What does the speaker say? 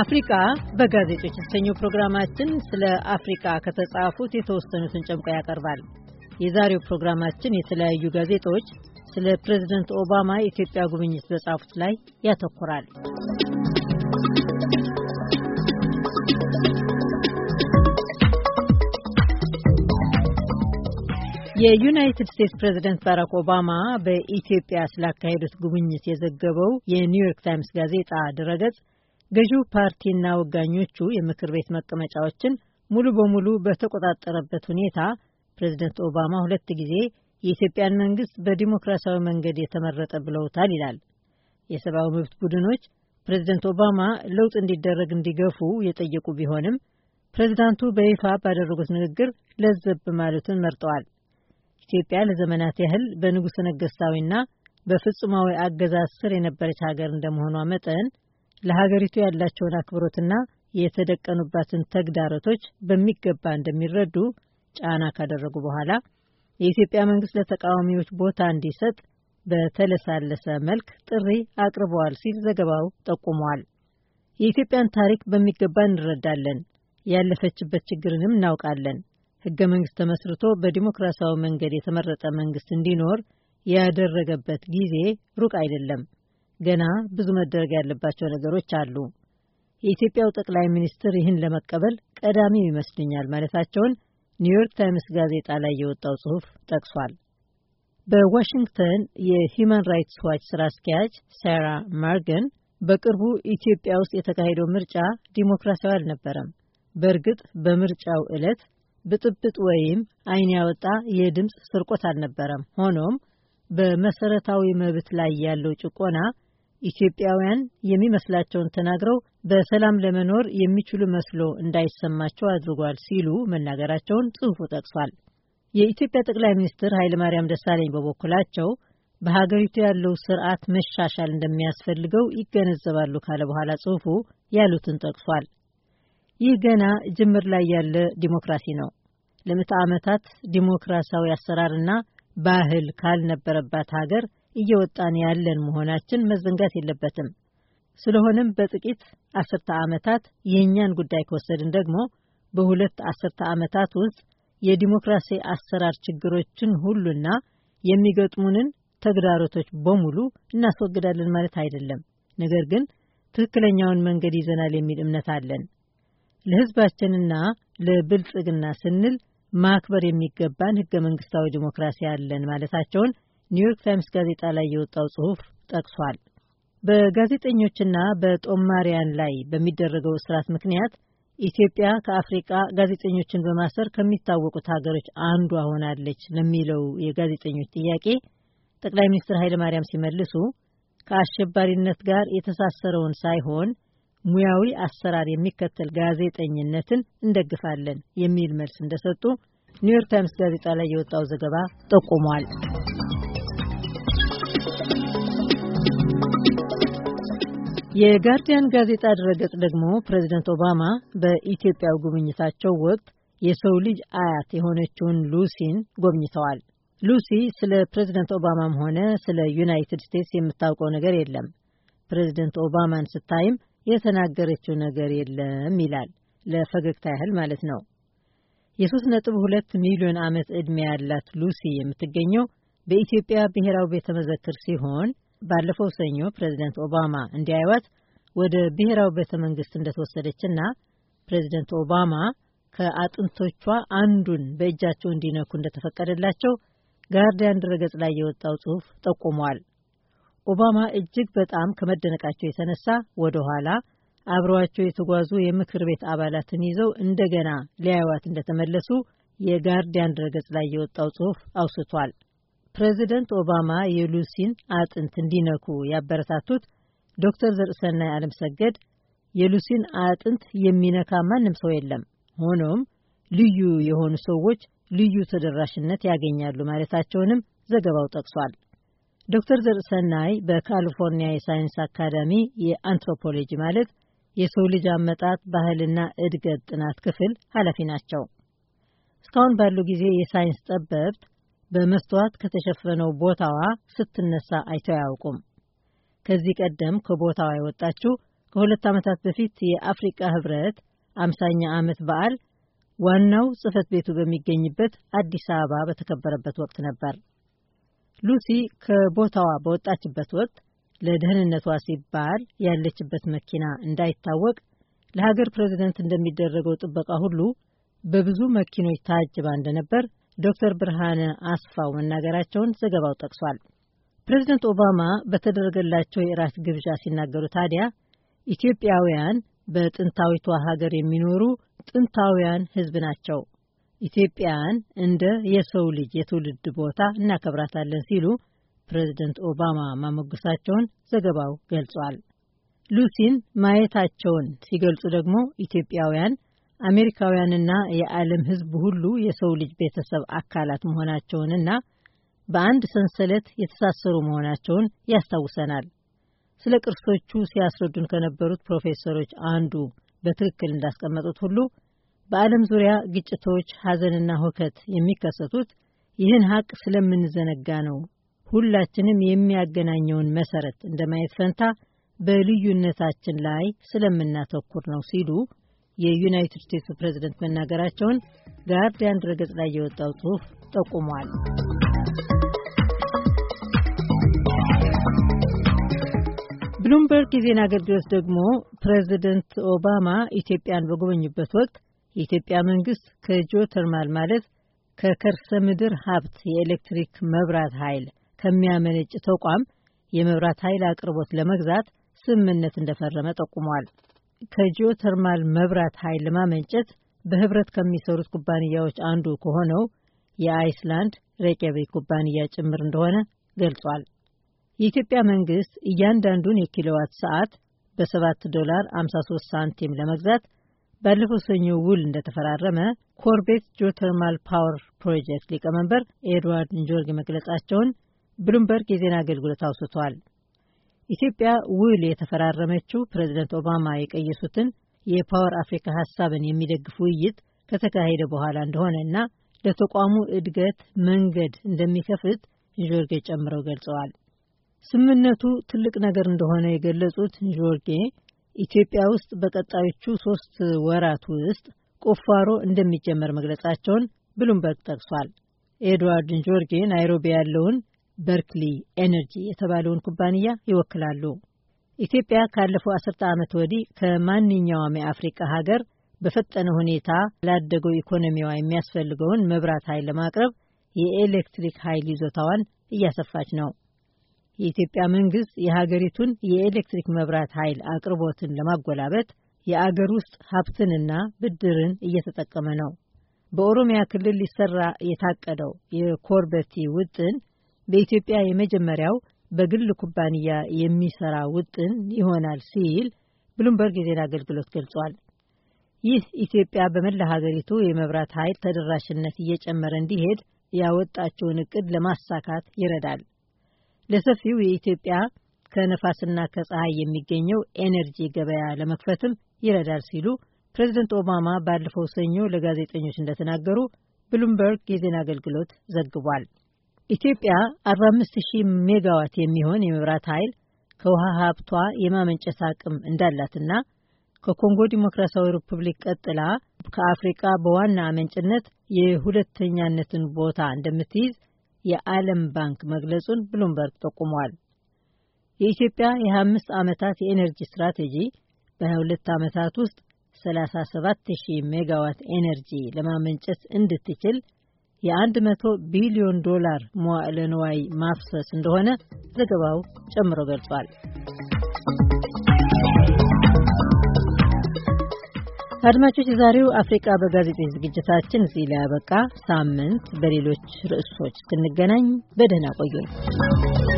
አፍሪካ በጋዜጦች የተሰኘው ፕሮግራማችን ስለ አፍሪካ ከተጻፉት የተወሰኑትን ጨምቆ ያቀርባል። የዛሬው ፕሮግራማችን የተለያዩ ጋዜጦች ስለ ፕሬዝደንት ኦባማ የኢትዮጵያ ጉብኝት በጻፉት ላይ ያተኩራል። የዩናይትድ ስቴትስ ፕሬዝደንት ባራክ ኦባማ በኢትዮጵያ ስላካሄዱት ጉብኝት የዘገበው የኒውዮርክ ታይምስ ጋዜጣ ድረገጽ ገዢው ፓርቲና ወጋኞቹ የምክር ቤት መቀመጫዎችን ሙሉ በሙሉ በተቆጣጠረበት ሁኔታ ፕሬዚደንት ኦባማ ሁለት ጊዜ የኢትዮጵያን መንግስት በዲሞክራሲያዊ መንገድ የተመረጠ ብለውታል ይላል። የሰብአዊ መብት ቡድኖች ፕሬዚደንት ኦባማ ለውጥ እንዲደረግ እንዲገፉ የጠየቁ ቢሆንም ፕሬዚዳንቱ በይፋ ባደረጉት ንግግር ለዘብ ማለቱን መርጠዋል። ኢትዮጵያ ለዘመናት ያህል በንጉሠ ነገሥታዊና በፍጹማዊ አገዛዝ ስር የነበረች ሀገር እንደመሆኗ መጠን ለሀገሪቱ ያላቸውን አክብሮትና የተደቀኑባትን ተግዳሮቶች በሚገባ እንደሚረዱ ጫና ካደረጉ በኋላ የኢትዮጵያ መንግስት ለተቃዋሚዎች ቦታ እንዲሰጥ በተለሳለሰ መልክ ጥሪ አቅርበዋል ሲል ዘገባው ጠቁሟል። የኢትዮጵያን ታሪክ በሚገባ እንረዳለን፣ ያለፈችበት ችግርንም እናውቃለን። ህገ መንግስት ተመስርቶ በዲሞክራሲያዊ መንገድ የተመረጠ መንግስት እንዲኖር ያደረገበት ጊዜ ሩቅ አይደለም። ገና ብዙ መደረግ ያለባቸው ነገሮች አሉ። የኢትዮጵያው ጠቅላይ ሚኒስትር ይህን ለመቀበል ቀዳሚው ይመስልኛል ማለታቸውን ኒውዮርክ ታይምስ ጋዜጣ ላይ የወጣው ጽሑፍ ጠቅሷል። በዋሽንግተን የሂዩማን ራይትስ ዋች ስራ አስኪያጅ ሳራ ማርገን በቅርቡ ኢትዮጵያ ውስጥ የተካሄደው ምርጫ ዲሞክራሲያዊ አልነበረም፣ በእርግጥ በምርጫው ዕለት ብጥብጥ ወይም ዓይን ያወጣ የድምፅ ስርቆት አልነበረም፣ ሆኖም በመሰረታዊ መብት ላይ ያለው ጭቆና ኢትዮጵያውያን የሚመስላቸውን ተናግረው በሰላም ለመኖር የሚችሉ መስሎ እንዳይሰማቸው አድርጓል ሲሉ መናገራቸውን ጽሑፉ ጠቅሷል። የኢትዮጵያ ጠቅላይ ሚኒስትር ኃይለማርያም ደሳለኝ በበኩላቸው በሀገሪቱ ያለው ስርዓት መሻሻል እንደሚያስፈልገው ይገነዘባሉ ካለ በኋላ ጽሑፉ ያሉትን ጠቅሷል። ይህ ገና ጅምር ላይ ያለ ዲሞክራሲ ነው። ለምዕተ ዓመታት ዲሞክራሲያዊ አሰራርና ባህል ካልነበረባት ሀገር እየወጣን ያለን መሆናችን መዘንጋት የለበትም። ስለሆነም በጥቂት አስርተ ዓመታት የእኛን ጉዳይ ከወሰድን ደግሞ በሁለት አስርተ ዓመታት ውስጥ የዲሞክራሲ አሰራር ችግሮችን ሁሉና የሚገጥሙንን ተግዳሮቶች በሙሉ እናስወግዳለን ማለት አይደለም። ነገር ግን ትክክለኛውን መንገድ ይዘናል የሚል እምነት አለን። ለሕዝባችንና ለብልጽግና ስንል ማክበር የሚገባን ህገ መንግስታዊ ዲሞክራሲ አለን ማለታቸውን ኒውዮርክ ታይምስ ጋዜጣ ላይ የወጣው ጽሑፍ ጠቅሷል። በጋዜጠኞችና በጦማሪያን ላይ በሚደረገው እስራት ምክንያት ኢትዮጵያ ከአፍሪቃ ጋዜጠኞችን በማሰር ከሚታወቁት ሀገሮች አንዷ ሆናለች ለሚለው የጋዜጠኞች ጥያቄ ጠቅላይ ሚኒስትር ኃይለማርያም ሲመልሱ ከአሸባሪነት ጋር የተሳሰረውን ሳይሆን ሙያዊ አሰራር የሚከተል ጋዜጠኝነትን እንደግፋለን የሚል መልስ እንደሰጡ ኒውዮርክ ታይምስ ጋዜጣ ላይ የወጣው ዘገባ ጠቁሟል። የጋርዲያን ጋዜጣ ድረገጽ ደግሞ ፕሬዚደንት ኦባማ በኢትዮጵያው ጉብኝታቸው ወቅት የሰው ልጅ አያት የሆነችውን ሉሲን ጎብኝተዋል። ሉሲ ስለ ፕሬዚደንት ኦባማም ሆነ ስለ ዩናይትድ ስቴትስ የምታውቀው ነገር የለም፣ ፕሬዚደንት ኦባማን ስታይም የተናገረችው ነገር የለም ይላል። ለፈገግታ ያህል ማለት ነው። የሶስት ነጥብ ሁለት ሚሊዮን ዓመት ዕድሜ ያላት ሉሲ የምትገኘው በኢትዮጵያ ብሔራዊ ቤተ መዘክር ሲሆን ባለፈው ሰኞ ፕሬዚደንት ኦባማ እንዲያዩዋት ወደ ብሔራዊ ቤተ መንግስት እንደተወሰደችና ፕሬዚደንት ኦባማ ከአጥንቶቿ አንዱን በእጃቸው እንዲነኩ እንደተፈቀደላቸው ጋርዲያን ድረገጽ ላይ የወጣው ጽሑፍ ጠቁሟል። ኦባማ እጅግ በጣም ከመደነቃቸው የተነሳ ወደ ኋላ አብረዋቸው የተጓዙ የምክር ቤት አባላትን ይዘው እንደገና ሊያዩዋት እንደተመለሱ የጋርዲያን ድረገጽ ላይ የወጣው ጽሑፍ አውስቷል። ፕሬዚደንት ኦባማ የሉሲን አጥንት እንዲነኩ ያበረታቱት ዶክተር አለም ሰገድ የሉሲን አጥንት የሚነካ ማንም ሰው የለም፣ ሆኖም ልዩ የሆኑ ሰዎች ልዩ ተደራሽነት ያገኛሉ ማለታቸውንም ዘገባው ጠቅሷል። ዶክተር ዘርዕሰናይ በካሊፎርኒያ የሳይንስ አካዳሚ የአንትሮፖሎጂ ማለት የሰው ልጅ አመጣጥ ባህልና እድገት ጥናት ክፍል ኃላፊ ናቸው። እስካሁን ባለው ጊዜ የሳይንስ ጠበብት በመስተዋት ከተሸፈነው ቦታዋ ስትነሳ አይተው አያውቁም። ከዚህ ቀደም ከቦታዋ የወጣችው ከሁለት ዓመታት በፊት የአፍሪቃ ህብረት አምሳኛ ዓመት በዓል ዋናው ጽህፈት ቤቱ በሚገኝበት አዲስ አበባ በተከበረበት ወቅት ነበር። ሉሲ ከቦታዋ በወጣችበት ወቅት ለደህንነቷ ሲባል ያለችበት መኪና እንዳይታወቅ ለሀገር ፕሬዚደንት እንደሚደረገው ጥበቃ ሁሉ በብዙ መኪኖች ታጅባ እንደነበር ዶክተር ብርሃነ አስፋው መናገራቸውን ዘገባው ጠቅሷል። ፕሬዚደንት ኦባማ በተደረገላቸው የእራት ግብዣ ሲናገሩ ታዲያ ኢትዮጵያውያን በጥንታዊቷ ሀገር የሚኖሩ ጥንታውያን ሕዝብ ናቸው። ኢትዮጵያን እንደ የሰው ልጅ የትውልድ ቦታ እናከብራታለን ሲሉ ፕሬዚደንት ኦባማ ማሞገሳቸውን ዘገባው ገልጿል። ሉሲን ማየታቸውን ሲገልጹ ደግሞ ኢትዮጵያውያን አሜሪካውያንና የዓለም ሕዝብ ሁሉ የሰው ልጅ ቤተሰብ አካላት መሆናቸውንና በአንድ ሰንሰለት የተሳሰሩ መሆናቸውን ያስታውሰናል። ስለ ቅርሶቹ ሲያስረዱን ከነበሩት ፕሮፌሰሮች አንዱ በትክክል እንዳስቀመጡት ሁሉ በዓለም ዙሪያ ግጭቶች፣ ሐዘንና ሁከት የሚከሰቱት ይህን ሀቅ ስለምንዘነጋ ነው። ሁላችንም የሚያገናኘውን መሰረት እንደማየት ፈንታ በልዩነታችን ላይ ስለምናተኩር ነው ሲሉ የዩናይትድ ስቴትሱ ፕሬዝደንት መናገራቸውን ጋርዲያን ድረገጽ ላይ የወጣው ጽሑፍ ጠቁሟል። ብሉምበርግ የዜና አገልግሎት ደግሞ ፕሬዚደንት ኦባማ ኢትዮጵያን በጎበኙበት ወቅት የኢትዮጵያ መንግስት ከጆተርማል ማለት ከከርሰ ምድር ሀብት የኤሌክትሪክ መብራት ኃይል ከሚያመነጭ ተቋም የመብራት ኃይል አቅርቦት ለመግዛት ስምምነት እንደፈረመ ጠቁሟል። ከጂኦተርማል መብራት ኃይል ለማመንጨት በህብረት ከሚሰሩት ኩባንያዎች አንዱ ከሆነው የአይስላንድ ሬቅያቤክ ኩባንያ ጭምር እንደሆነ ገልጿል። የኢትዮጵያ መንግስት እያንዳንዱን የኪሎዋት ሰዓት በ7 ዶላር 53 ሳንቲም ለመግዛት ባለፈው ሰኞ ውል እንደተፈራረመ ኮርቤት ጂኦተርማል ፓወር ፕሮጀክት ሊቀመንበር ኤድዋርድ ንጆርግ መግለጻቸውን ብሉምበርግ የዜና አገልግሎት አውስቷል። ኢትዮጵያ ውል የተፈራረመችው ፕሬዚደንት ኦባማ የቀየሱትን የፓወር አፍሪካ ሀሳብን የሚደግፍ ውይይት ከተካሄደ በኋላ እንደሆነ እና ለተቋሙ እድገት መንገድ እንደሚከፍት ጆርጌ ጨምረው ገልጸዋል። ስምምነቱ ትልቅ ነገር እንደሆነ የገለጹት ጆርጌ ኢትዮጵያ ውስጥ በቀጣዮቹ ሶስት ወራት ውስጥ ቁፋሮ እንደሚጀመር መግለጻቸውን ብሉምበርግ ጠቅሷል። ኤድዋርድ ጆርጌ ናይሮቢ ያለውን በርክሊ ኤነርጂ የተባለውን ኩባንያ ይወክላሉ። ኢትዮጵያ ካለፈው አስርተ ዓመት ወዲህ ከማንኛውም የአፍሪቃ ሀገር በፈጠነ ሁኔታ ላደገው ኢኮኖሚዋ የሚያስፈልገውን መብራት ኃይል ለማቅረብ የኤሌክትሪክ ኃይል ይዞታዋን እያሰፋች ነው። የኢትዮጵያ መንግስት የሀገሪቱን የኤሌክትሪክ መብራት ኃይል አቅርቦትን ለማጎላበት የአገር ውስጥ ሀብትንና ብድርን እየተጠቀመ ነው። በኦሮሚያ ክልል ሊሰራ የታቀደው የኮርበቲ ውጥን በኢትዮጵያ የመጀመሪያው በግል ኩባንያ የሚሰራ ውጥን ይሆናል ሲል ብሉምበርግ የዜና አገልግሎት ገልጿል። ይህ ኢትዮጵያ በመላ ሀገሪቱ የመብራት ኃይል ተደራሽነት እየጨመረ እንዲሄድ ያወጣቸውን እቅድ ለማሳካት ይረዳል። ለሰፊው የኢትዮጵያ ከነፋስና ከፀሐይ የሚገኘው ኤነርጂ ገበያ ለመክፈትም ይረዳል ሲሉ ፕሬዚደንት ኦባማ ባለፈው ሰኞ ለጋዜጠኞች እንደተናገሩ ብሉምበርግ የዜና አገልግሎት ዘግቧል። ኢትዮጵያ 45000 ሜጋዋት የሚሆን የመብራት ኃይል ከውሃ ሀብቷ የማመንጨት አቅም እንዳላትና ከኮንጎ ዲሞክራሲያዊ ሪፑብሊክ ቀጥላ ከአፍሪቃ በዋና አመንጭነት የሁለተኛነትን ቦታ እንደምትይዝ የዓለም ባንክ መግለጹን ብሉምበርግ ጠቁሟል። የኢትዮጵያ የ ዓመታት የኤነርጂ ስትራቴጂ በ ዓመታት ውስጥ 37,000 ሜጋዋት ኤነርጂ ለማመንጨት እንድትችል የ100 ቢሊዮን ዶላር መዋዕለ ንዋይ ማፍሰስ እንደሆነ ዘገባው ጨምሮ ገልጿል። አድማጮች፣ የዛሬው አፍሪቃ በጋዜጦች ዝግጅታችን እዚህ ላይ ያበቃ። ሳምንት በሌሎች ርዕሶች እስክንገናኝ በደህና ቆዩን።